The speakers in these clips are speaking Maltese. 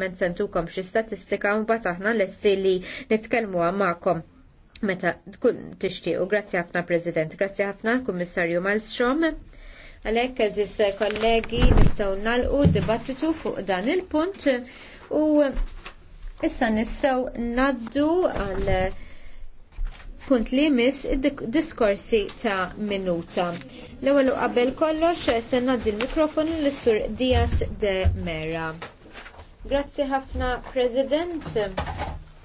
men sentukom xi statistika mbagħad aħna lesti li nitkellmuha magħkom meta tkun tixtiequ. Grazzi ħafna President, grazzi ħafna Kummissarju Malmstrom. Għalhekk eżis kollegi nistgħu nagħlqu dibattitu fuq dan il-punt u issa nistgħu naddu għal punt li mis diskorsi ta' minuta. L-ewwel qabel kollox se ngħaddi l-mikrofonu lis sur Dias de Mera. Grazzi ħafna, President.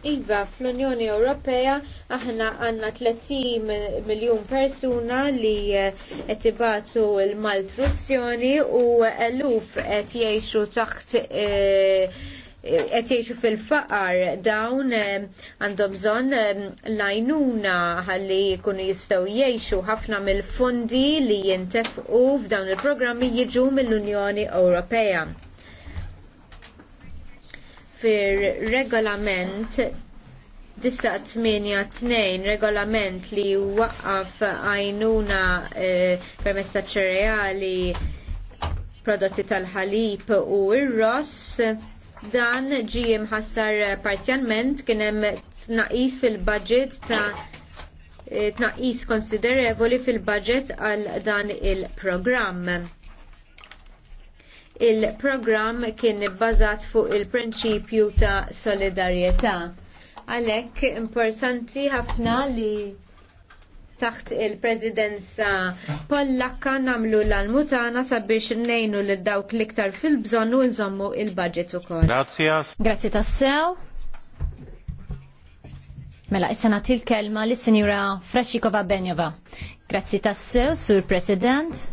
Iva, fl-Unjoni Ewropea aħna għanna 30 miljon persuna li eh, qed ibatu l-maltruzzjoni u eluf qed jgħixu taħt eh, qed jgħixu fil-faqar dawn eh, għandhom bżonn lajnuna ħalli jkunu jistgħu jgħixu ħafna mill-fondi li jintefqu f'dawn il-programmi jiġu mill-Unjoni Ewropea fir-regolament 982 regolament li waqqaf għajnuna eh, permezz ta' ċereali prodotti tal-ħalib u r-ross dan ġie mħassar parzjalment kien hemm tnaqis fil-budget ta' eh, tnaqis konsiderevoli fil-budget għal dan il-programm Il-programm kien bbażat fuq il-prinċipju ta' solidarjetà. Għalhekk importanti ħafna li taħt il-prezidenza Pollakka namlu l-almutana sabiex nejnu l dawk l-iktar fil-bżon u nżommu il-budget u kol. Grazzi tassew. Mela, issa til kelma lis sinjura Frashikova Benjova. Grazzi tassew, Sur President.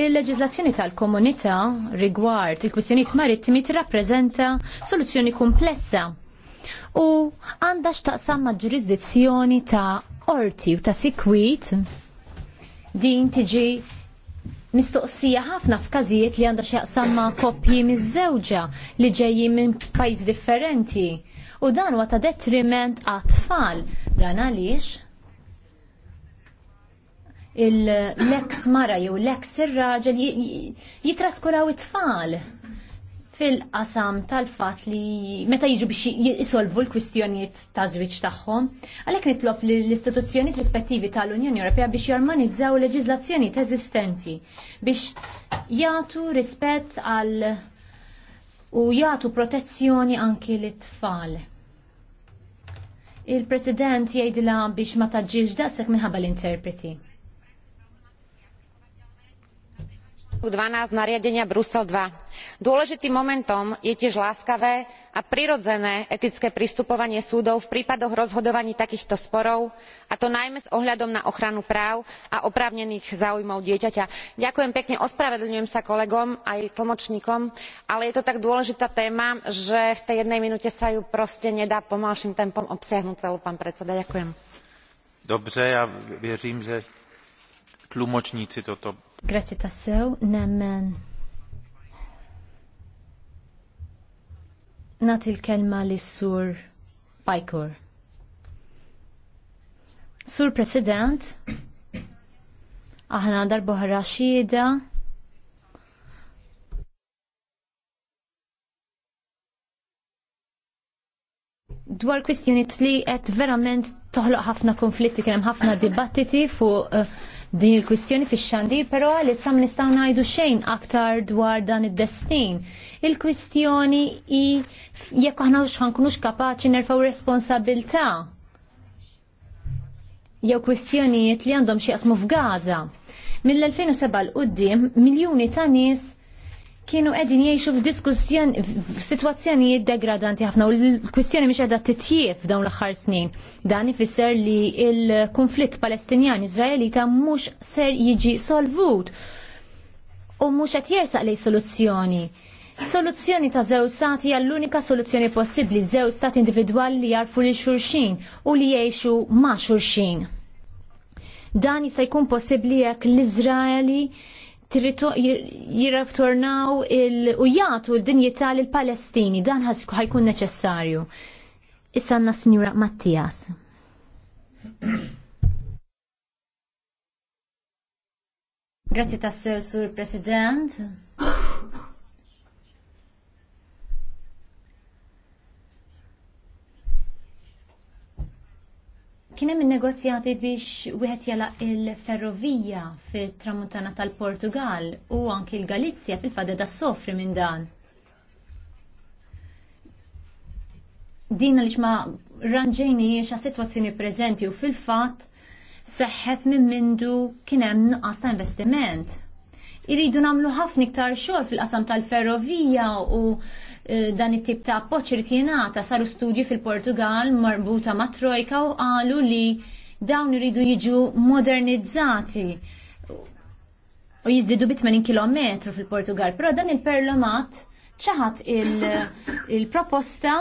Il-leġizlazzjoni tal-komunità rigward il-kwistjonijiet marittimi tirrappreżenta soluzzjoni komplessa u għandha x'taqsam ma' ġurisdizzjoni ta' orti u ta' sikwit din tiġi mistoqsija ħafna f'każijiet li għandha x'jaqsam ma' koppji miż-żewġa li ġejjin minn pajjiż differenti. U dan huwa ta' detriment għat-tfal. Dan għaliex? l leks mara jew leks ir-raġel jitraskuraw it-tfal fil-qasam tal-fat li meta jiġu biex jisolvu l-kwistjonijiet ta' żwieġ tagħhom. Għalhekk nitlob li l istituzzjonijiet rispettivi tal-Unjoni Ewropea biex jormanizzaw leġiżlazzjoni eżistenti biex jagħtu rispett għal u jagħtu protezzjoni anki lit-tfal. Il-President jgħidilha biex ma taġġilx daqshekk minħabba l-interpreti. twelve nariadenia brusel ii. dôležitým momentom je tiež láskavé a prirodzené etické pristupovanie súdov v prípadoch rozhodovaní takýchto sporov a to najmä s ohľadom na ochranu práv a oprávnených záujmov dieťaťa. ďakujem pekne ospravedlňujem sa kolegom aj tlmočníkom ale je to tak dôležitá téma že v tej jednej minúte sa ju proste nedá pomalším tempom obsiahnuť celú pán predseda. ďakujem. Dobře, já věřím, že tlumočníci toto Grazzi tassew, nemmen. Nati l-kelma li sur Pajkur. Sur President, aħna boħra xieda dwar kwistjoniet li qed verament toħloq ħafna konflitti, kien hemm ħafna dibattiti fuq eh, din il-kwistjoni fix xandir però għalissa ma nistgħu ngħidu xejn aktar dwar dan id-destin. Il-kwistjoni i jekk aħna x'ħankunux kapaċi nerfaw responsabilità jew kwistjonijiet li għandhom xi jaqsmu f'Gaza. Mill-2007 l qoddim miljuni ta' nies kienu qegħdin jgħixu f'diskussjoni f'sitwazzjonijiet degradanti ħafna u l-kwistjoni mhix qiegħda titjieb f'dawn l-aħħar snin. Dan ifisser li l-konflitt Palestinjan Iżraelita mhux ser jiġi solvut u mhux qed jersaq lej soluzzjoni. Soluzzjoni ta' żew stati hija l-unika soluzzjoni possibbli żew stati individwali li jarfu li xulxin u li jgħixu ma' xulxin. Dan jista' jkun possibbli jekk l-Iżraeli jirraftornaw il jgħatu l-dinjità l-Palestini, dan ħajkun neċessarju. Issa għanna Sinjura Mattias. Grazie tassew, Sur President. Kien hemm negozjati biex wieħed jalaq il-ferrovija fit-tramuntana tal-Portugal u anki l-Galizja fil da soffri minn dan. Din għaliex ma ranġejni xa situazzjoni preżenti u fil-fatt seħħet minn mindu kien hemm nuqqas ta' investiment. Iridu namlu ħafna iktar xogħol fil-qasam tal-ferrovija u eh, dan it-tip ta' appoġġ irid jingħata saru studju fil-Portugal marbuta ma' Trojka u qalu li dawn iridu jiġu modernizzati u jizzidu bit 80 km fil-Portugal, però dan il-Perlamat ċaħat il-proposta il proposta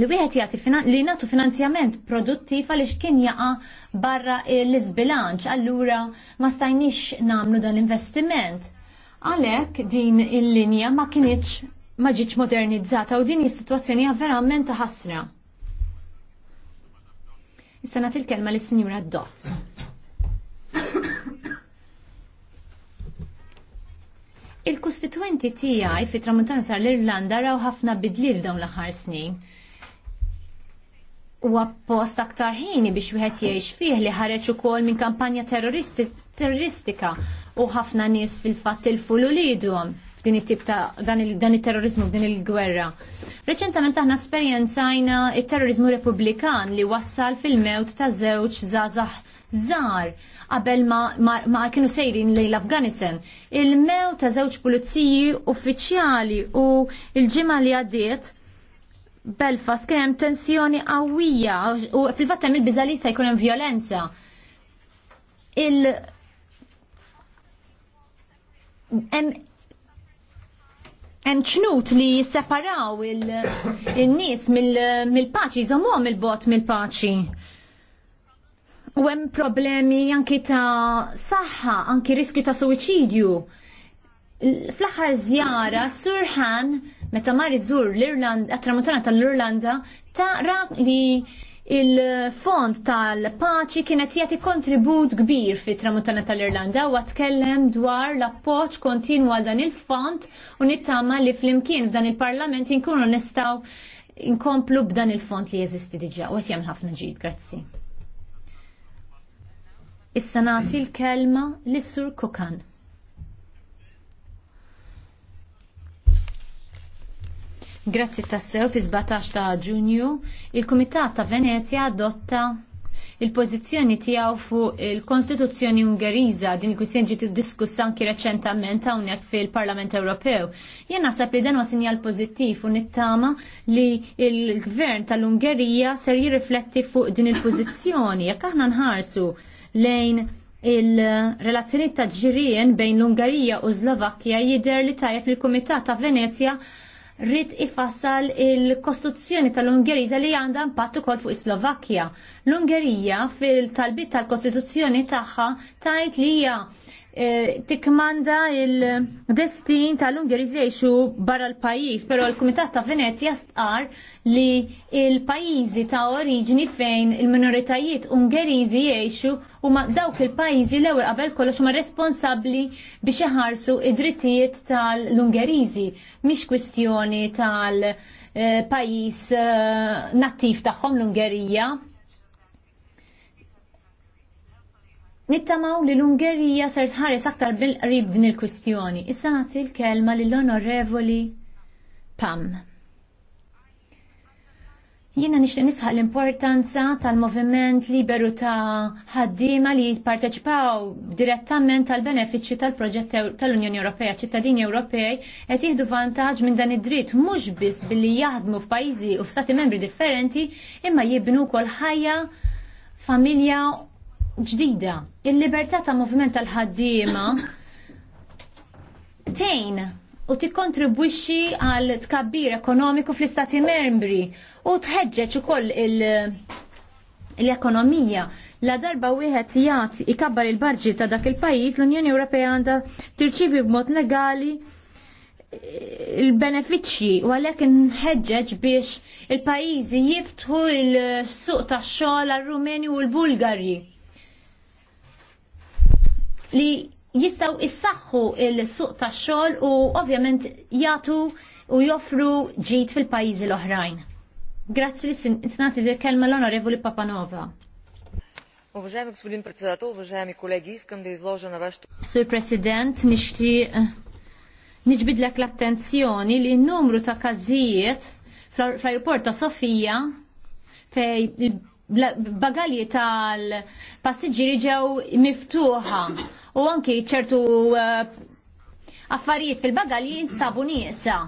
li wieħed jagħti li nagħtu finanzjament produttiv għaliex kien jaqa' barra l-iżbilanċ, allura ma stajniex nagħmlu dan l-investiment. Għalhekk din il-linja ma kienitx ma ġietx modernizzata u din is-sitwazzjoni hija verament ħasra. Issa nagħti l-kelma lis-Sinjura Dotz. Il-kustituenti tiegħi fit-tramuntana tal-Irlanda raw ħafna bidliet dawn l-aħħar snin huwa post aktar ħini biex wieħed jgħix fih li ħareġ ukoll minn kampanja terroristika u ħafna nies fil-fatt tilfu l-ulidhom f'din it-tip ta' dan il-terrorizmu f'din il-gwerra. Reċentament aħna sperjenzajna il terrorizmu repubblikan li wassal fil-mewt ta' żewġ żgħażagħ żgħar qabel ma, kienu sejrin lejn l-Afganistan. Il-mewt ta' żewġ puliziji uffiċjali u l ġimgħa li għaddiet Belfast kien hemm tensjoni qawwija u fil-fatt hemm il biżalista jkun hemm violenza. Il hemm hemm ċnut li jisseparaw il-nies mill-paċi, jżommuhom il-bot mill-paċi. U hemm problemi anki ta' saħħa, anki riskju ta' suwiċidju. Fl-aħħar żjara Surhan meta mar iżur l-Irlanda, għat tramutana tal-Irlanda, taqra li il-fond tal-paċi kienet jagħti kontribut kbir fit tramutana tal-Irlanda u għatkellem dwar l-appoġġ kontinu għal dan il-fond u nittama li flimkien f'dan il-parlament inkunu nistaw inkomplu b'dan il fond li jeżisti diġa u għetjem ħafna ġid, grazzi. Issa nagħti l-kelma l-Sur Kokan. Grazzi tassew fi 17 ta' ġunju, il-Kumitat ta' Venezia adotta il-pożizzjoni tiegħu fuq il-Kostituzzjoni Ungeriża din il-kwistjoni ġiet iddiskussa anki reċentament hawnhekk fil-Parlament Ewropew. Jien naħseb li dan huwa sinjal pożittiv u nittama li l-Gvern tal-Ungerija ser jirrifletti fuq din il-pożizzjoni jekk aħna nħarsu lejn il-relazzjoni ta' ġirien bejn l ungerija u Slovakkja jidher li tajjeb li l-Kumitat ta' Venezja rrid ifassal il-Kostituzzjoni tal-Ungerija li għandha impatt ukoll fuq is-Slovakkja. L-Ungerija fil-talbit tal-Kostituzzjoni tagħha tajt li hija Eh, tikmanda il-destin tal-Ungheriż jgħixu barra l-pajjiż, però l-Kumitat ta' Venezja stqar li il-pajjiżi ta' oriġini fejn il-minoritajiet Ungeriżi jgħixu huma dawk il-pajjiżi l-ewwel qabel kollox ma responsabbli biex iħarsu id-drittijiet tal ungeriżi mhix kwistjoni tal-pajjiż eh, eh, nattiv tagħhom l-Ungerija Nittamaw li l-Ungerija ser tħares aktar bil-qrib din il-kwistjoni. Issa nagħti l-kelma lill-Onorevoli Pam. Jiena nixtieq nisħaq l-importanza tal-moviment liberu ta' ħaddiema li jipparteċipaw direttament tal-benefiċċji tal-proġett tal-Unjoni Ewropea. Ċittadini Ewropej qed jieħdu vantaġġ minn dan id-dritt mhux biss billi jaħdmu f'pajjiżi u f'stati membri differenti imma jibnu wkoll ħajja familja ġdida. Il-libertà ta' moviment tal-ħaddiema tejn u tikkontribwixxi għal tkabbir ekonomiku fl-istati membri u tħeġġeġ ukoll il- l-ekonomija la darba wieħed jagħti ikabbar il-barġi ta' dak il-pajjiż l-Unjoni Ewropea għandha tirċivi b'mod legali il-benefiċċji u għalhekk inħeġġeġ biex il-pajjiżi jiftħu il-suq tax-xogħol għar-Rumeni u l-Bulgari li jistaw issaħħu il-suq ta' xogħol u ovvjament jagħtu u joffru ġid fil-pajjiżi l-oħrajn. Grazzi li s-sinnati li kelma l-onorevoli Papanova. Уважаеми господин председател, уважаеми колеги, искам да изложа на вашето... Сър президент, нищи... Нищ бид лек li n номру така kazijiet в аэропорта София, фей bagalji tal-passiġġieri ġew miftuħa u anki ċertu eh, affarijiet fil-bagalji jinstabu nieqsa.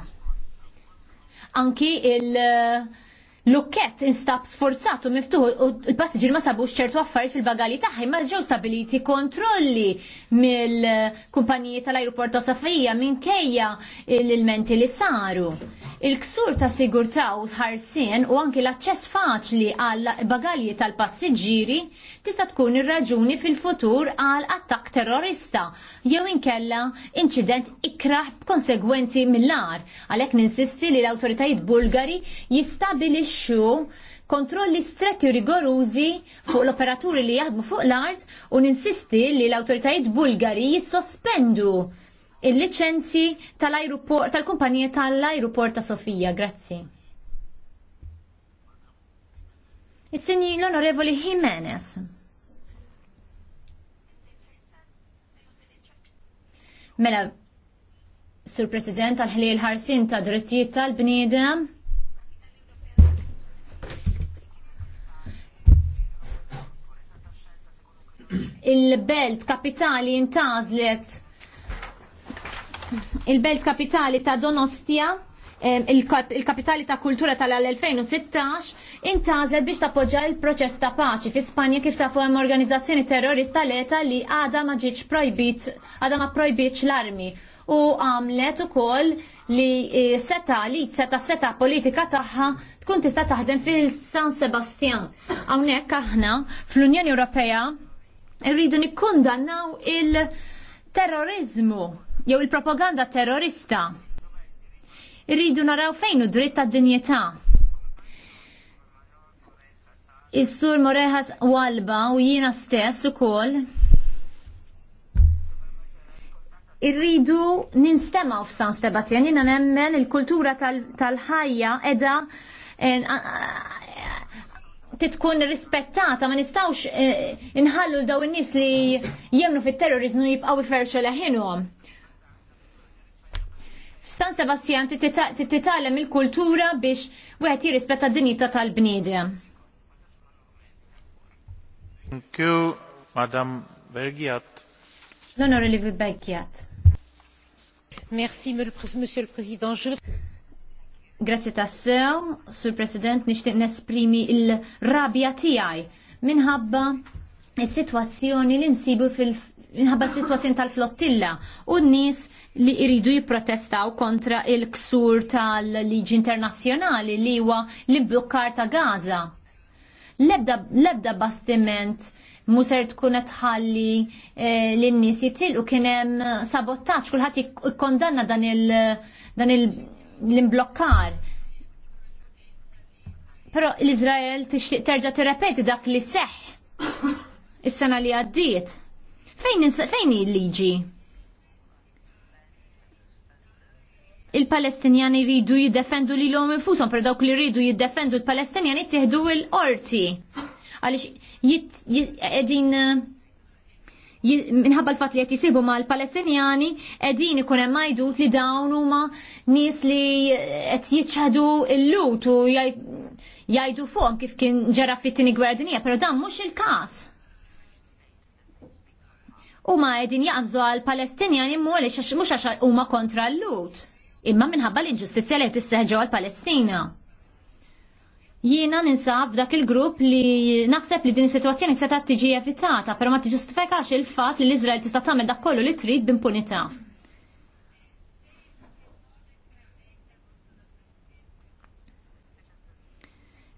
Anki il- lukket instab sforzat u miftuħ u l-passiġir ma sabux ċertu affarijiet fil-bagali tagħha ma ġew stabiliti kontrolli mill-kumpaniji tal-ajruport ta' Safija minkejja l-ilmenti li saru. Il-ksur ta' sigurtà u ħarsien u anki l-aċċess faċli għal bagalji tal-passiġġieri tista' tkun ir-raġuni fil-futur għal attakk terrorista jew inkella inċident ikraħ b'konsegwenzi mill-ar. Għalhekk ninsisti li l-awtoritajiet Bulgari jistabilix nintroduxxu kontrolli stretti u rigorużi fuq l-operaturi li jaħdmu fuq l-art u ninsisti li l-autoritajiet bulgari jissospendu il-licenzi tal-kumpanija tal-aeroport ta' Sofija. Grazzi. Is-sinji l-Onorevoli Jimenez. Mela, Sur President tal-ħlil ħarsin ta' drittijiet tal-bniedem, il-belt kapitali intazlet il-belt kapitali ta' Donostia il-kapitali ta' kultura tal-2016 intazlet biex tappoġġa l-proċess ta' paċi fi Spanja kif ta' fuq organizzazzjoni terrorista leta li għada ma ġietx projbit, għada ma projbitx l-armi u għamlet ukoll li e, seta li seta seta politika tagħha tkun tista' taħdem fil-San Sebastian. Hawnhekk aħna fl-Unjoni Ewropea irridu nikkundannaw il-terrorizmu jew il-propaganda terrorista. Irridu naraw fejn u dritt tad-dinjetà. Is-sur Moreħas Walba u jiena stess ukoll irridu ninstema' f'San Sebastian, jina nemmen il-kultura tal-ħajja edha titkun rispettata, ma nistawx eh, inħallu l-daw n-nis li jemnu fit-terrorizmu jibqaw iferxu leħinhom. F'San Sebastian titalem il-kultura biex għet jirrispetta d-dinjità tal bnidja Thank you, Madam Bergiat. l vi Bergiat. Merci, Monsieur le Président. Grazzi tassew, Sur President, nixtieq nesprimi il-rabja tiegħi minħabba il sitwazzjoni li nsibu fil- minħabba s-situazzjoni tal-flottilla u n-nis li iridu jiprotestaw kontra il-ksur tal-liġi internazzjonali li huwa l-imblokkar ta' Gaza. Lebda, lebda bastiment muser tkun tħalli eh, l-nis jitil u kienem sabotaċ, kullħat ikkondanna dan il-, dan il l-imblokkar. Però l-Izrael tixtieq terġa' tirrepeti dak li seħħ is-sena li għaddiet. Fejn fejn il-liġi? il-Palestinjani ridu jiddefendu li l-om infusom, per dawk li ridu jiddefendu il-Palestinjani tiħdu il-orti. Għalix, edin minħabba l-fat li qed jisibu mal-Palestinjani qegħdin ikun hemm majdut li dawn huma nies li qed jiċħadu l-lut u jgħidu fuqhom kif kien ġara fit-tieni gwerra dinja, però dan mhux il-każ. Huma qegħdin jaqbżu għall-Palestinjani mhuwiex mhux għax huma kontra l-lut, imma minħabba l-inġustizzja li qed isseħġew għall-Palestina jiena ninsab dak il-grupp li naħseb li din is-sitwazzjoni seta' tiġi evitata, però ma tiġustifikax il-fatt li l-Iżrael tista' tagħmel dak kollu li trid b'impunità.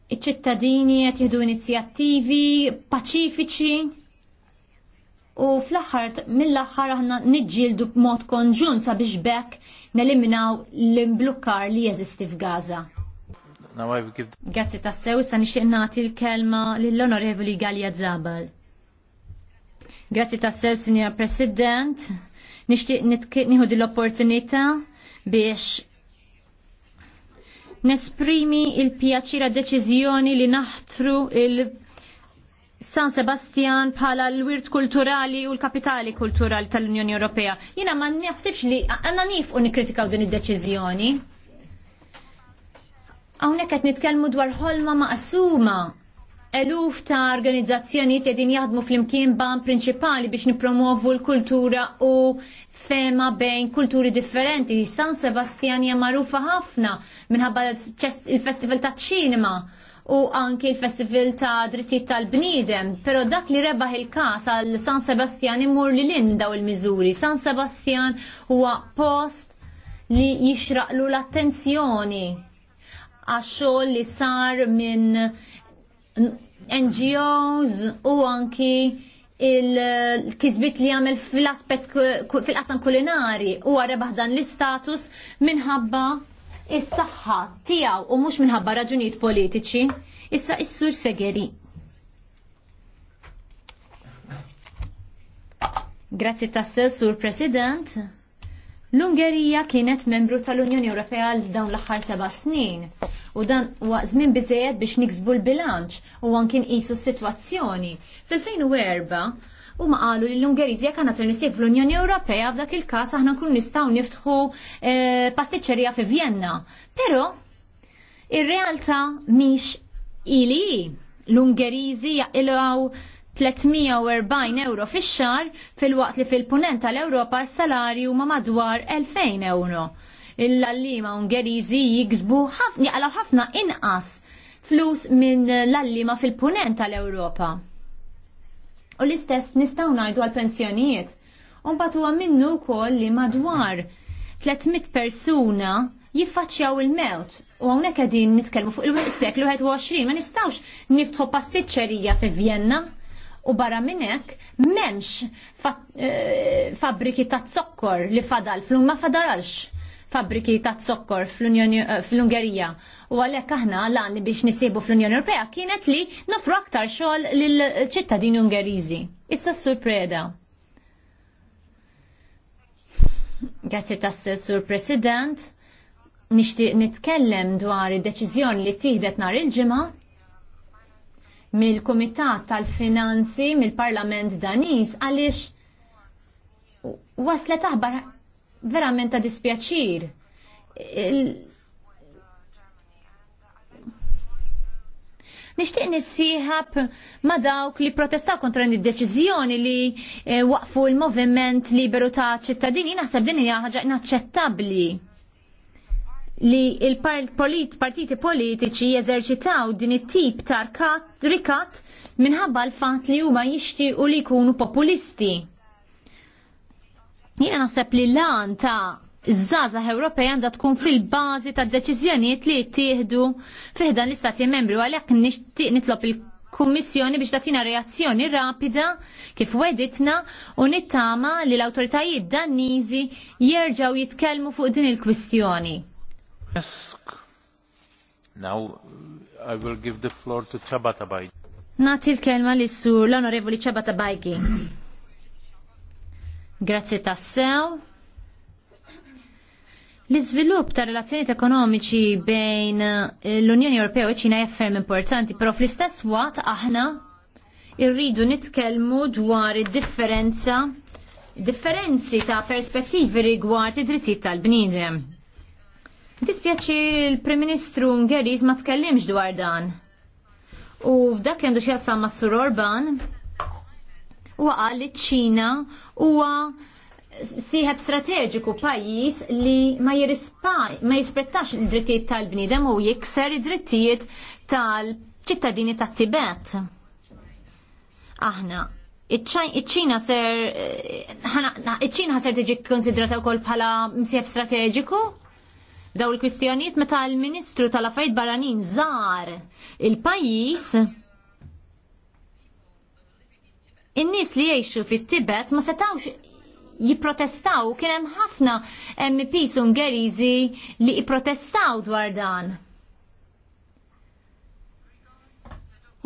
Iċ-ċittadini qed jieħdu inizjattivi paċifiċi u fl-aħħar mill-aħħar aħna niġġieldu b'mod konġunt sabiex bekk neliminaw l-imblukkar li jeżisti f'Gaza. Grazzi tassew, issa nixtieq nagħti l-kelma lill-Onorevoli Galja Zabal. Grazzi tassew, signor President. Nixtieq nieħu l-opportunità biex nesprimi il-pjaċira deċiżjoni li naħtru il- San Sebastian bħala l-wirt kulturali u l-kapitali kulturali tal-Unjoni Ewropea. Jina ma naħsibx li għanna nifqu nikritikaw din id-deċiżjoni. Hawnhekk qed nitkellmu dwar ħolma maqsuma eluf ta' organizzazzjonijiet li din jaħdmu fl-imkien ban prinċipali biex nipromovu l-kultura u fema bejn kulturi differenti. San Sebastian hija magħrufa ħafna minħabba il-Festival ta' ċinema u anki il-Festival ta' Drittijiet tal-Bniedem, però dak li rebaħ il-każ għal San Sebastian imur li lin daw il-miżuri. San Sebastian huwa post li jixraqlu l-attenzjoni għax-xogħol li sar minn NGOs u anki il-kizbit li għamil fil-aspet fil-qasam kulinari u għarebaħ dan l-istatus minħabba is-saħħa tiegħu u mhux minħabba raġunijiet politiċi. Issa issur segeri. Grazzi tassel sur President. L-Ungerija kienet membru tal-Unjoni Ewropea għal dawn l-aħħar seba' snin u dan huwa żmien biżejjed biex niksbu l-bilanċ u anke nqisu s-sitwazzjoni. Fil-2004 huma qalu li l-Ungeriż kanna ser nisieb fl-Unjoni Ewropea f'dak il-każ aħna nkunu nistgħu niftħu e, eh, pastiċċerija fi Vienna. Però ir-realtà mhix ili l-Ungeriżi jaqilgħu 340 euro fix-xar fil-waqt li fil-punent tal-Ewropa s-salarju ma madwar 2000 euro. Il-lallima Ungeriżi jiksbu jaqlaw ħafna inqas flus minn l-allima fil-punent tal-Ewropa. U l-istess nistaw ngħidu għal-pensjonijiet. Un batu minnu wkoll li madwar 300 persuna jiffaċċjaw il-mewt. U għawnek għedin nitkelmu fuq il-seklu 21, ma nistawx niftħu pastiċċerija fi Vienna u barra minnek memx eh, fabriki ta' zokkor li fadal flun ma fadalx fabbriki ta' zokkor eh, fl-Ungerija. U għalek aħna l-għanni biex nisibu fl-Unjoni Ewropea kienet li nofru aktar xogħol lill-ċittadini Ungeriżi. Issa s-surpreda. Grazzi tas sur President. Nixtieq nitkellem dwar id-deċiżjoni li tiħdet nhar il-ġimgħa mill-Kumitat tal-Finanzi mill-Parlament Daniż għaliex waslet aħbar verament ta' dispjaċir. Nixtieq nissiħab ma dawk li protestaw kontra din id-deċiżjoni li eh, waqfu l-moviment liberu ta' ċittadini naħseb din hija ħaġa inaċċettabbli li il-partiti politiċi jeżerċitaw din it-tip ta' rikat minħabba l-fat li huma jixtiequ li jkunu populisti. Jiena naħseb li l lan ta' iż-żgħażagħ Ewropej għandha tkun fil-bażi ta' deċiżjonijiet li jittieħdu fiħdan l-Istati membri u għalhekk nitlob il-Kummissjoni biex tatina reazzjoni rapida kif weditna u nittama li l-awtoritajiet Danniżi jerġgħu jitkellmu fuq din il-kwistjoni. Now uh, I will give the floor to Nati l-kelma li su l-onorevoli Tabata Bajgi. Grazie tassew. L-iżvilupp ta' relazzjonijiet ekonomiċi bejn eh, l-Unjoni Ewropea u ċina jaffermi importanti, però fl-istess waqt aħna irridu nitkellmu dwar id-differenza differenzi ta' perspettivi rigward id-drittijiet tal-bniedem Dispjaċi l-Prim Ministru Ungeriż ma tkellimx dwar dan. U f'dak għandu x'jassam ma' Sur Orban huwa qal li ċ-Ċina huwa siħeb strateġiku pajis li ma, ma jirrispettax id-drittijiet tal-bnidem u jikser id-drittijiet tal-ċittadini tat tibet Aħna, iċ-ċina ser, iċ-ċina ser tiġi konsidrata wkoll bħala msieħeb strateġiku? daw il-kwistjonijiet meta l-Ministru tal-Affarijiet Barranin żar il-pajjiż in-nies li jgħixu fit-Tibet ma setawx jipprotestaw kien hemm ħafna MPs Ungeriżi li jipprotestaw dwar dan.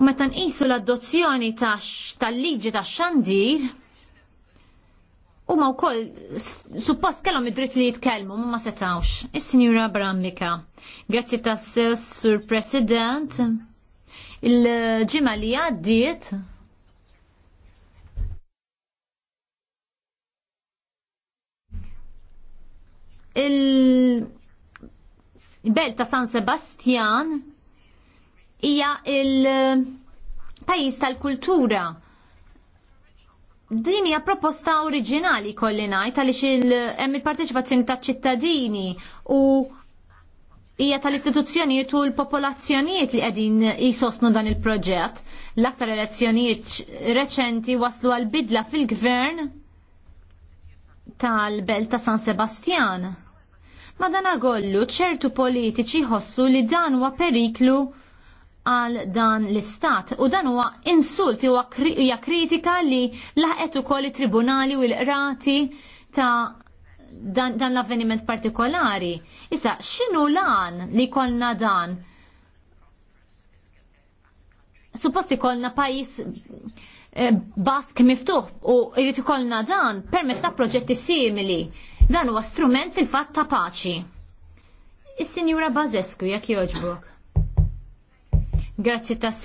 U meta nqisu l-adozzjoni tal-liġi tax-xandir, u ma wkoll suppost kellhom id-dritt li jitkellmu ma setawx. Is-Sinjura Brambika. Grazzi tas sess, Sur President. Il-ġimgħa li għaddiet il-belt ta' San Sebastian hija il-pajjiż tal-kultura din hija proposta oriġinali kolli ngħid għaliex hemm il-parteċipazzjoni taċ-ċittadini u hija tal-istituzzjonijiet u l-popolazzjonijiet li qegħdin jisostnu dan il-proġett. L-aktar elezzjonijiet reċenti waslu għal bidla fil-gvern tal-belt ta' San Sebastian. Madana kollu ċertu politiċi ħossu li dan huwa periklu għal dan l-istat u dan huwa insult huwa hija kritika li laħqet ukoll it-tribunali u l-qrati ta' dan, dan l-avveniment partikolari. Issa, x'inhu lan li kollna dan? Supposti kollna pajis eh, bask miftuħ u jrid ikollna dan permezz ta' proġetti simili. Dan huwa strument fil-fatt ta' paċi. Is-Sinjura Bazescu jekk jogħġbok. Grazzi tas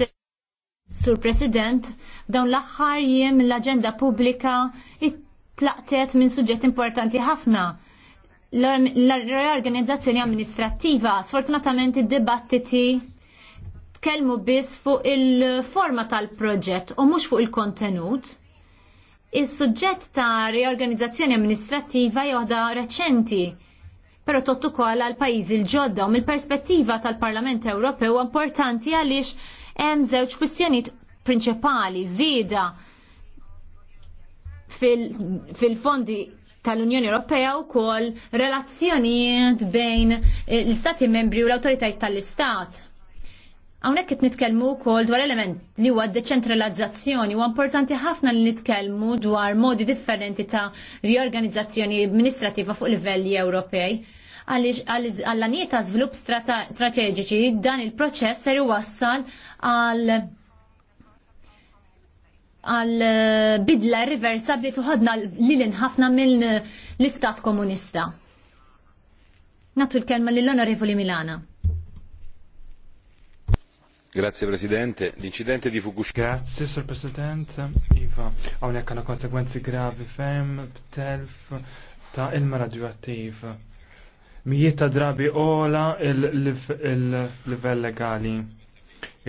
Sur President, dawn l-aħħar jiem l-agenda pubblika tlaqtet minn suġġett importanti ħafna. L-reorganizzazzjoni amministrattiva, sfortunatament id-dibattiti tkellmu biss fuq il-forma tal-proġett u mhux fuq il-kontenut. Is-suġġett ta' reorganizzazzjoni amministrattiva joħda reċenti pero tottu kol għal pajizi l-ġodda u mill-perspettiva tal-Parlament Ewropew importanti għaliex hemm żewġ kwistjonijiet prinċipali żieda fil-fondi fil fondi tal unjoni Ewropea u kol relazzjonijiet bejn l-Stati membri u l-autoritajiet tal-Istat Hawnhekk qed nitkellmu wkoll dwar element li huwa deċentralizzazzjoni u importanti ħafna li nitkellmu dwar modi differenti ta' riorganizzazzjoni amministrativa fuq livelli Ewropej għall għanijiet ta' żvilupp strateġiċi dan il-proċess ser iwassal għal għal bidla irreversabli tuħadna lilin ħafna mill l-istat komunista. Natu l-kelma l onorevoli Milana. Grazie Presidente, L'incidente di Fukushima. Grazie Sir President, Iva, hawnhekk għandna konsegwenzi gravi ferm b'telf ta' ilma radioattiv. Mijiet ta' drabi ola il-livell legali.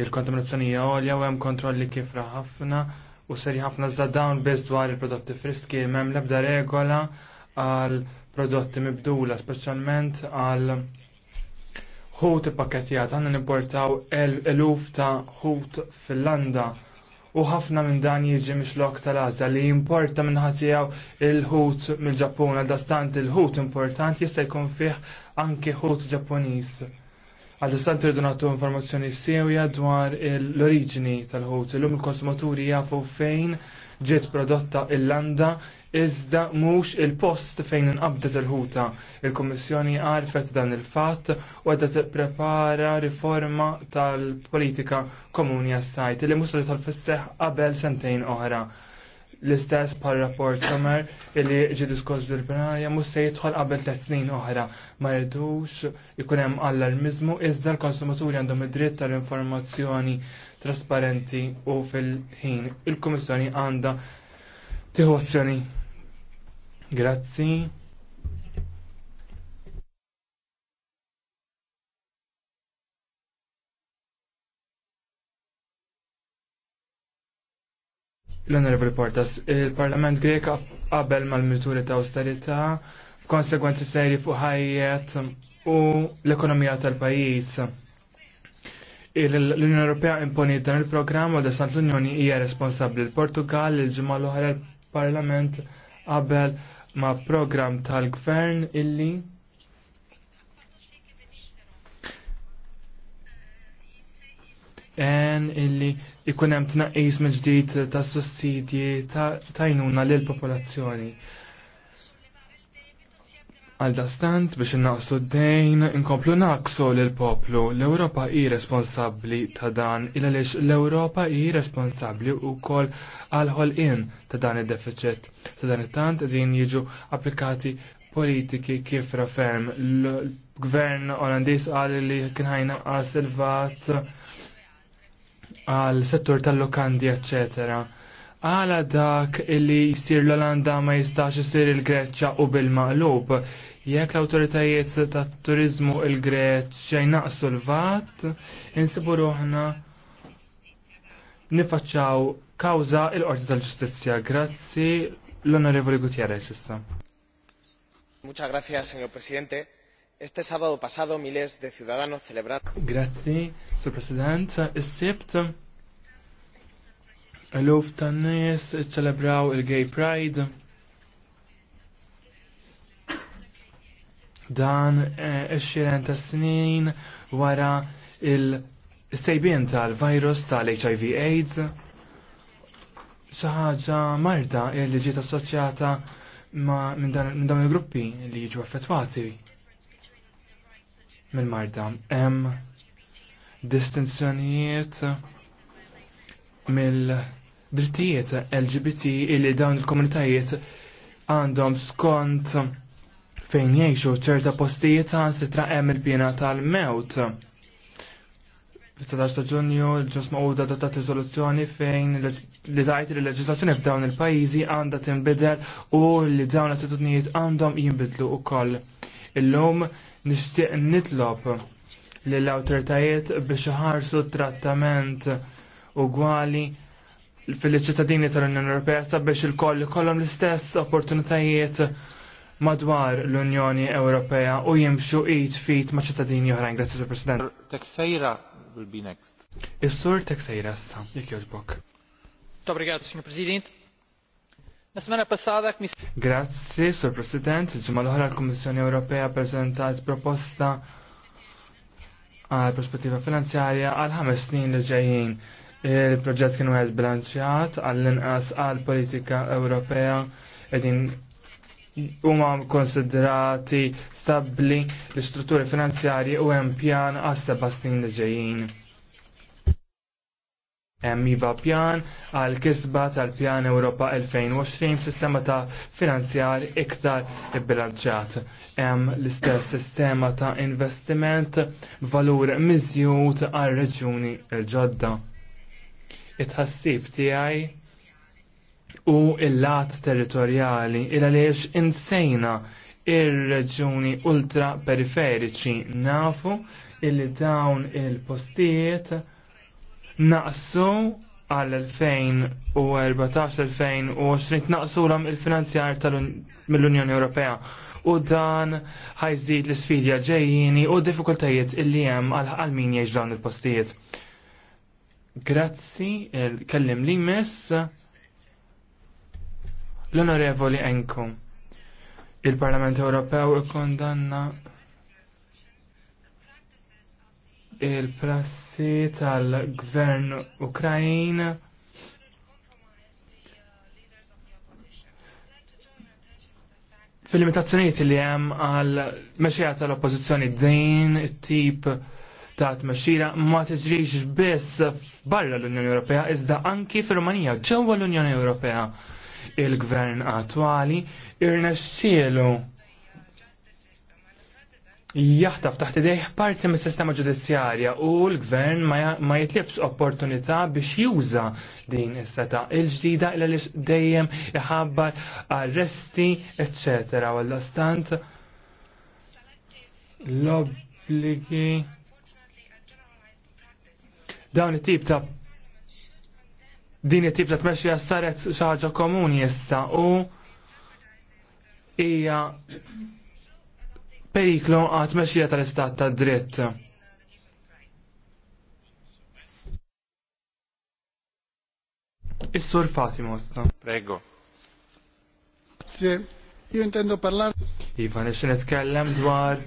Il-kontaminazzjoni olja u hemm kontrolli kifra ħafna u seri ħafna zda dawn biss dwar il-prodotti friski, m'hemm l-ebda regola għal prodotti mibdula, speċjalment għal ħut pakketjat, għanna nipportaw eluf ta' ħut fil-landa u ħafna minn dan jiġi mixlok tal għażla li importa minn ħatijaw il-ħut mill-ġappun għal-dastant il-ħut important jista' jkun fih anke ħut ġappuniż. Għal-dastant irridu nagħtu informazzjoni sewja dwar l-oriġini tal-ħut. Illum il-konsumaturi jafu fejn ġiet prodotta il-landa iżda mhux il-post fejn inqabdet il-ħuta. Il-Kummissjoni għarfet dan il-fatt u għadha tipprepara riforma tal-politika komuni għas-sajt li mhux tal-fisseħ qabel sentejn oħra l-istess pal rapport summer illi ġi diskors fil-plenarja mhux se jidħol qabel tliet snin oħra. Ma jridux ikun hemm allarmiżmu iżda l-konsumaturi għandhom id-dritt tal-informazzjoni trasparenti u fil-ħin. Il-Kummissjoni għandha tieħu azzjoni. Grazzi. l honorable Portas, il-Parlament Grek qabel mal-miżuri ta' austerità konsegwenzi seri fuq ħajjet u l-ekonomija tal-pajjiż l-Unjoni Ewropea imponiet dan il-programm u desant l-Unjoni hija responsabbli l-Portugal il-ġimgħa l-oħra il-Parlament qabel ma' programm tal-gvern illi en illi ikun hemm tnaqqis mill-ġdid ta' sussidji ta' tajnuna lill popolazzjoni Għaldastant biex innaqsu d-dejn inkomplu naqsu l-poplu. L-Europa i responsabli ta' dan, il lix l-Europa i responsabli u kol għal in ta' dan il-deficit. Ta' dan il-tant din jiġu applikati politiki kif raferm. L-gvern olandis għal li kienħajna għal silvat għal settur tal-lokandi, eccetera għala dak li jisir l-Olanda ma jistax jisir il-Greċċa u bil-maqlub. Jekk l-autoritajiet ta' turizmu il-Greċċa jnaqsu l-vat, insibu ruħna nifacċaw kawza il-Qorti tal-Ġustizzja. Grazzi l-Onorevoli Gutierrez issa. Muchas gracias, señor presidente. Este sábado pasado miles de ciudadanos celebraron. Grazie, Sir President. Is-sibt Eluf ta' nies ċelebraw il-Gay Pride. Dan eh, ix-xiren ta' snin wara il-sejbien tal-virus tal-HIV AIDS ħaġa marda li ġiet assoċjata ma' minn dawn il-gruppi li jiġu affettwati mill-marda. Hemm distinzjonijiet mill- drittijiet LGBT illi dawn il-komunitajiet għandhom skont fejn jiexu ċerta postijiet għan sitra hemm il-pjena tal-mewt. Fittadax 13 ta' ġunju ġusma u datat riżoluzzjoni fejn li dajt li leġislazzjoni f'dawn il-pajjiżi għandha tinbidel u li dawn l-attitudnijiet għandhom jinbidlu wkoll. Illum nixtieq nitlob lill awtoritajiet biex iħarsu trattament ugwali fil-ċittadini tal-Unjoni Ewropea sabiex il-koll kollom l-istess opportunitajiet madwar l-Unjoni Ewropea u jimxu id fit ma' ċittadini oħrajn. Grazzi, Sir President. Texeira will be next. Is-Sur Texeira sa, jek jogħġbok. Tobrigat, Sr. President. Nasmana passada mis. Grazzi, Sur President. il l-oħra l komissjoni Ewropea prezentat proposta għal prospettiva finanzjarja għal ħames snin li ġejjin Il-proġett kienu għed bilanċjat għall-inqas għal politika Ewropea qegħdin huma konsiderati stabbli l-istrutturi finanzjarji u hemm pjan għas seba' snin li ġejjin. Hemm iva pjan għal kisba tal-Pjan Ewropa 2020 sistema ta' finanzjar iktar bilanċjat. Hemm l-istess sistema ta' investiment valur miżjud għal reġjuni l-ġodda it-ħassib tiegħi u il-lat territorjali il għaliex insejna ir-reġuni ultra periferiċi nafu illi dawn il-postijiet naqsu għal 2014-2020 naqsu l il-finanzjar mill-Unjoni Ewropea u dan ħajżid l-sfidja ġejjini u d diffikultajiet illi hemm għal min jgħix dawn il-postijiet Grazzi, eh, kellim li mess l-onorevoli Enko. Il-Parlament Ewropew ikkondanna il-prassi tal-gvern Ukrajin fil-limitazzjonijiet li hemm għal mexija tal-oppożizzjoni din it-tip ta' mexxira ma tiġrix biss barra l-Unjoni Ewropea iżda anki fir-Rumanija ġewwa l-Unjoni Ewropea. Il-gvern attwali irnexxielu jaħtaf taħt idejh parti mis sistema ġudizzjarja u l-gvern ma jitlifx opportunità biex juża din is-seta il-ġdida illa lix dejjem iħabbar arresti, eccetera. Għallastant stant l-obbligi Dawn it-tip ta' din it-tip ta' tmexxija saret xi ħaġa komuni issa u hija periklu għat tmexxija tal-istat ta' dritt. Is-sur Fatima Prego. Grazie. Io intendo parlare. Ivan, xi nitkellem dwar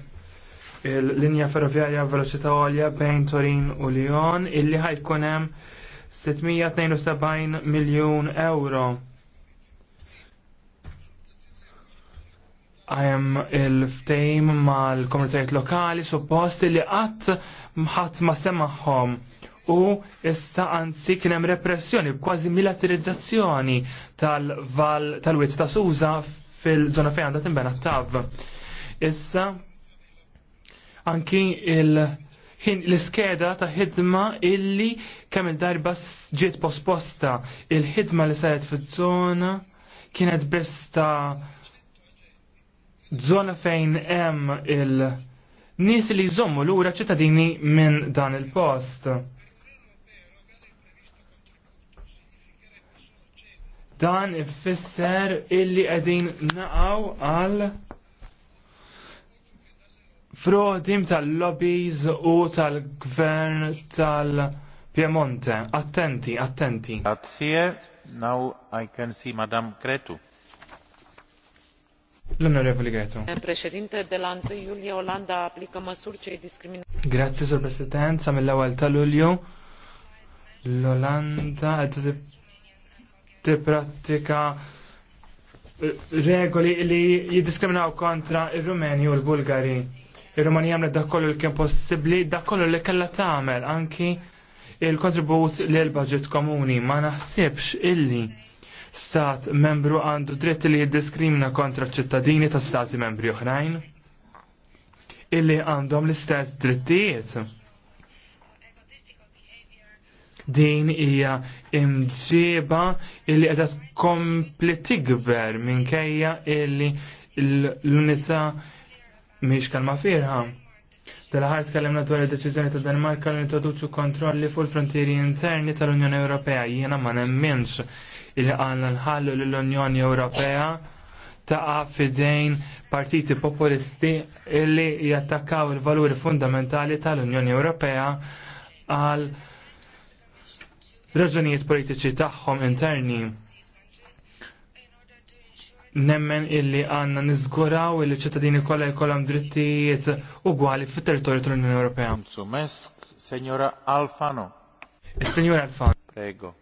il-linja ferroviarja veloċità għolja bejn Torin u Lyon illi ħajtkun hemm 672 miljun euro. Għajem il-ftejm mal-komunitajiet lokali suppost li qatt mħat ma semaħħom u issa anzi kien hemm repressjoni kważi militarizzazzjoni tal-val tal ta' Suża fil-żona fejn għandha imbena tav Issa anki il- l-iskeda ta' ħidma illi kemm il-darba ġiet posposta il-ħidma li saret fiż-żona kienet biss ta' żona fejn hemm il- nies li jżommu lura ċittadini minn dan il-post. Dan ifisser illi qegħdin naqgħu għal frodim tal-lobbies u tal-gvern tal-Piemonte. Attenti, attenti. Grazie. Now I can see Madame Gretu. l Gretu. Președinte, de la 1 iulie Olanda aplică măsuri e discriminazione. Grazie, Sor Presidente. sa mill-ewwel ta' Lulju. L-Olanda qed eh, regoli li jiddiskriminaw kontra il rumeni u l-Bulgari. Ir-Rumanija jamna dak kollu li kien possibbli, dakollu li kellha tagħmel anki il-kontribut l budget komuni. Ma naħsibx illi stat membru għandu dritt li jiddiskrimina kontra ċittadini ta' stati membri oħrajn illi għandhom l-istess drittijiet. Din hija imġieba illi qiegħda tkompli tikber minkejja illi l-unità miex kalma firħa. Dal-ħar tkellimna dwar id-deċiżjoni ta' Danimarka li introduċu kontrolli fuq il-frontieri interni tal-Unjoni Ewropea. Jiena ma nemminx il għanna nħallu l-Unjoni Ewropea ta' fidejn partiti populisti illi jattakkaw il-valuri fundamentali tal-Unjoni Ewropea għal raġunijiet politiċi tagħhom interni nemmen illi għanna nizguraw illi ċittadini kolla jkollam drittijiet għali fit territorju tal-Unjoni Ewropea. Sumesk, Senjora Alfano. Senjora Alfano. Prego.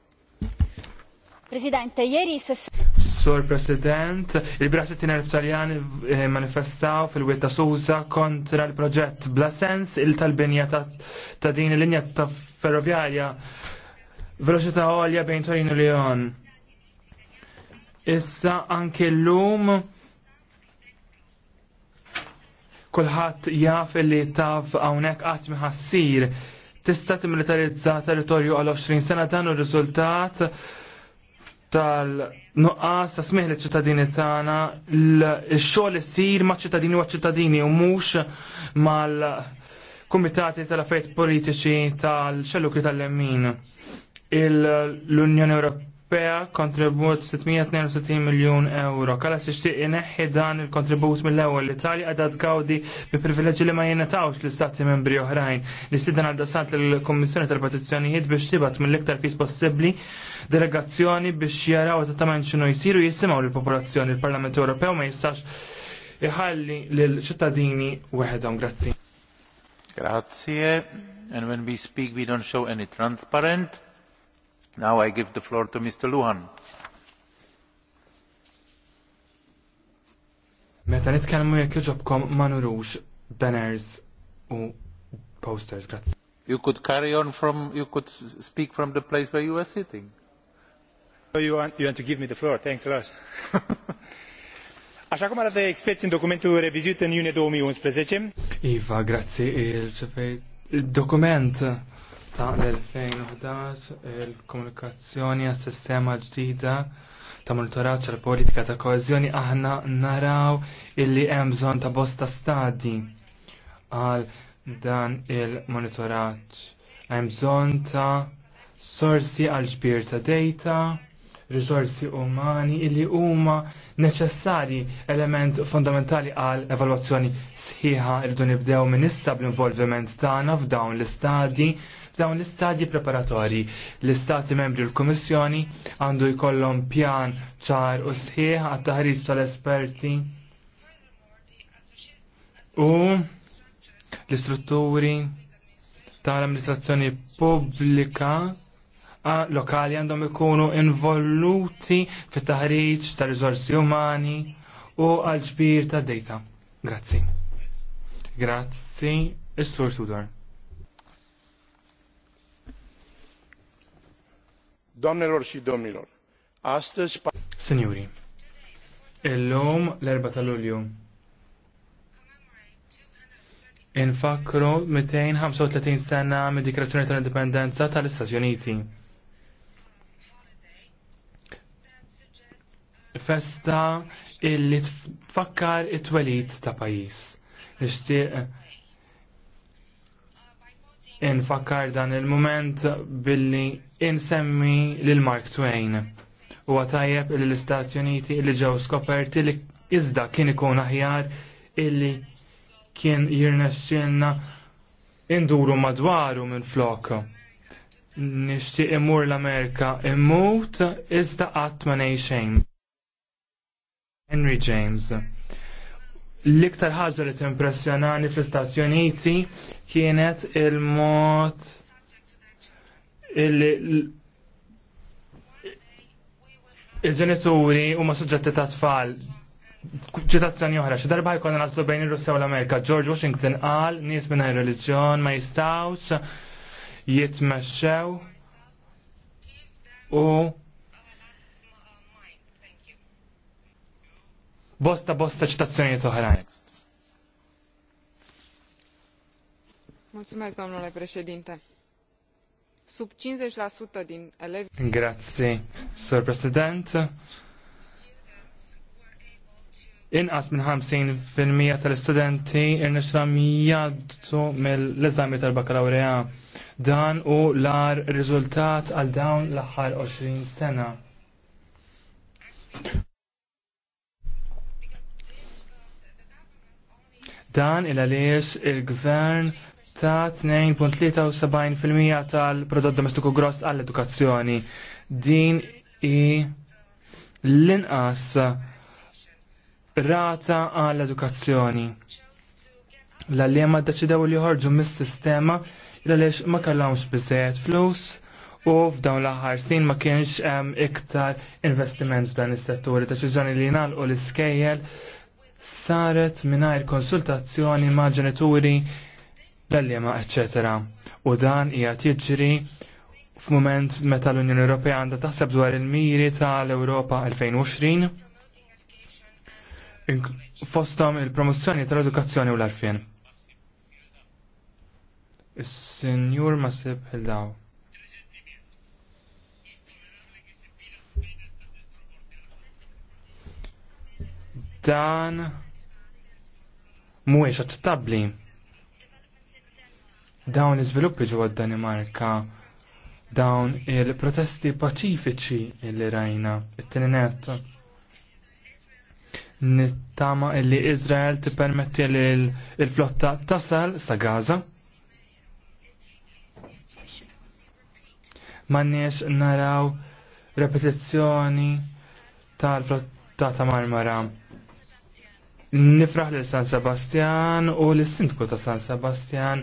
Presidente, ieri Sur President, il-Brassi Tiner Italjan eh, manifestaw fil-wiet ta' Suza kontra l-proġett Blasens, il-talbinja ta' din il-linja ta' ferroviarja veloċità għolja bejn Torino e Lyon Issa anke l-lum kulħadd jaf li taf hawnhekk qatt ħassir tista' t-militarizza territorju għal 20 sena dan u riżultat tal-nuqqas ta' smih li ċittadini tagħna l-xogħol sir ma' ċittadini u ċittadini u mhux mal-kumitati tal affajt politiċi tal-xellukri tal-lemmin. L-Unjoni Ewropea Ewropea kontribut 662 miljon euro. Kalla s-ixtiq ineħħi dan il-kontribut mill-ewel. L-Italja għadha tgawdi bi privileġi li ma jenetawx l-istati membri oħrajn. Nistidan għal dasant l-Kommissjoni tal-Petizzjonijiet biex tibat mill-iktar fis possibli delegazzjoni biex jaraw eżattament xinu jisiru jisimgħu l popolazzjoni Il-Parlament Ewropew ma jistax iħalli l ċittadini weħedhom. Grazie. Grazie. And when we speak, we don't show any transparent. Now I give the floor to Mr. Luhan. Meta nitkellmu jekk iġobkom ma nurux banners u posters, grazzi. You could carry on from, you could speak from the place where you were sitting. So You want, you want to give me the floor, thanks a lot. Așa cum arată experți în documentul revizuit în iunie 2011. Iva, grazie, il document ta' l-2011 il-komunikazzjoni għas sistema ġdida ta' monitoraġġ tal politika ta' koezjoni aħna naraw illi hemm bżonn ta' bosta stadi għal dan il-monitoraġġ. Hemm bżonn ta' sorsi għal ġbir ta' data, risorsi umani illi huma neċessari element fondamentali għal evalwazzjoni sħiħa irridu nibdew minn issa bl-involviment tagħna f'dawn l istadi dawn l-istadji preparatorji. L-istati membri l-Komissjoni għandu jkollhom pjan ċar u sħiħ għat-taħriġ tal-esperti u l-istrutturi tal-amministrazzjoni pubblika lokali għandhom ikunu involuti fit taħriġ ta' riżorsi umani u għal ġbir ta' data. Grazzi. Grazzi, is-sur Tudor. Domnilor xi domnilor, astăzi... Signori, illum l-4 ta' Lulju. Infakru 235 sena mid dikrazzjoni tal-indipendenza tal-Istati Uniti. Festa illi tfakkar it-twelit ta' pajis infakkar dan il-moment billi insemmi lil Mark Twain. U għatajjeb l-Istati Uniti li ġew skoperti li iżda kien ikun aħjar illi kien jirnexxilna induru madwaru minn flok. Nixtieq imur l-Amerika immut iżda qatt ma xejn. Henry James l-iktar ħaġa li t-impressjonani fl-Istati Uniti kienet il-mod il-ġenituri u ma suġġetti ta' tfal ċitazzjoni oħra, xi darba jkollna naslu bejn il russja u l-Amerika. George Washington qal nies minn reliġjon ma jistawx jitmexxew u bosta bosta ċitazzjonijiet oħrajn. Mulțumesc, domnule președinte. Sub 50% din elevi... Grazie, Sir President. Inqas minn 50% tal-istudenti irnexram jaddu mill-eżami tal bakalawrija Dan u l-ar riżultat għal dawn l-aħħar 20 sena. Dan il għaliex il-gvern ta' 2.73% tal-prodott domestiku gross għall-edukazzjoni. Din i l-inqas rata għall-edukazzjoni. L-għalliema d-deċidaw li jħorġu mis-sistema il-għaliex ma kellhomx biżejjed flus u f'dawn l-aħħar snin ma kienx iktar investiment f'dan is-settur. Deċiżjoni li nagħlqu l-iskejjel saret mingħajr konsultazzjoni ma' ġenituri tal-liema eċċetera. U dan hija jiġri f'mument meta l-Unjoni Ewropea għandha taħseb dwar il-miri tal-Ewropa 2020 fostom il-promozzjoni tal-edukazzjoni u l-arfien. Is-Sinjur il Hildaw. Dan mhuwiex aċċettabbli. Dawn iżviluppi ġewwa d-Danimarka dawn il-protesti paċifiċi li rajna it-tininet. Nittama illi Izrael tippermetti li l-flotta tasal sa Gaza. Manniex naraw repetizzjoni tal-flotta ta' Marmara Nifraħ lil San Sebastian u l-Sindku ta' San Sebastian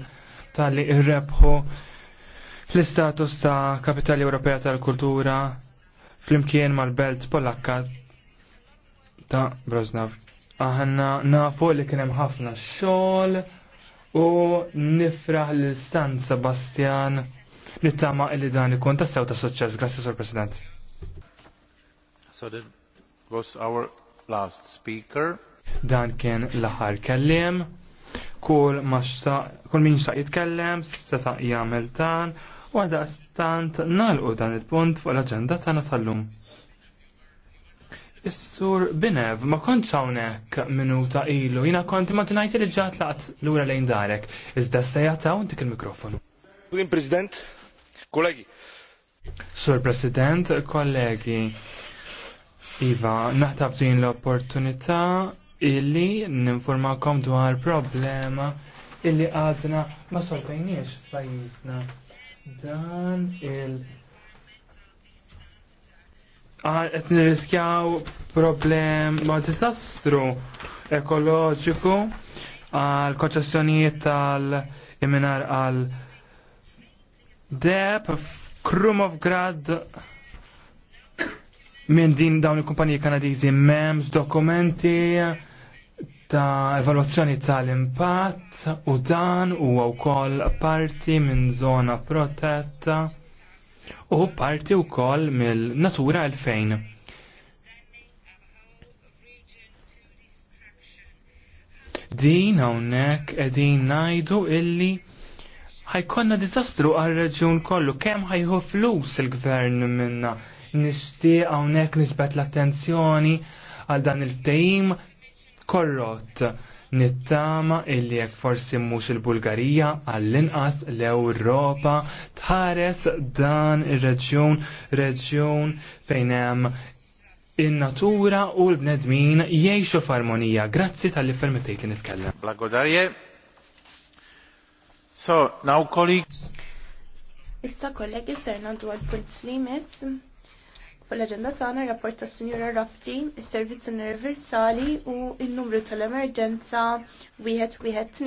tal-li irrebħu l-istatus ta' Kapitali Ewropea tal-Kultura flimkien mal-Belt Polakka ta' Brosnav. Aħna nafu li kienem ħafna xogħol u nifraħ lil San Sebastian nittama li dan ikun sew ta' suċċess. Grazzi, Sur President. So that was our last speaker. Dan kien l-aħħar kelliem. Kull ma kull min xtaq jitkellem, seta' jagħmel tan u għadha stant nalqu dan il-punt fuq l agenda tagħna tal-lum. Is-sur Binev, ma kontx hawnhekk minuta ilu, jiena kont t-najt li ġat laqt lura lejn darek. Iżda ta' un tik il-mikrofonu. Prim President, kollegi. Sur President, kollegi, Iva, naħtaf din l-opportunità illi ninformakom dwar problema illi għadna ma soltajniex fajizna dan il għet ah, nirriskjaw ma disastru ekoloġiku għal koċessjoniet tal-iminar għal deb Krumov grad minn din dawn il-kumpaniji kanadizi mems, dokumenti, ta' evalwazzjoni tal-impatt u dan huwa wkoll parti minn żona protetta u parti wkoll mill-Natura 2000. Din hawnhekk qegħdin ngħidu illi ħajkonna diżastru għal-reġjun kollu kemm ħajħu flus il-gvern minna nixtieq hawnhekk nisbet l-attenzjoni għal dan il-ftehim korrot nittama illi jekk forsi mhux il-Bulgarija għall-inqas l-Ewropa tħares dan ir-reġjun reġjun fejn hemm in-natura u l-bnedmin jgħixu f'armonija. Grazzi tal-li fermettejt li nitkellem. Blagodarje. So, now colleagues. Issa kollegi serna dwar punt li Fil-leġenda tagħna rapport tas-Sinjura Rabti, is-servizz universali u n-numru tal-emerġenza wieħed wieħed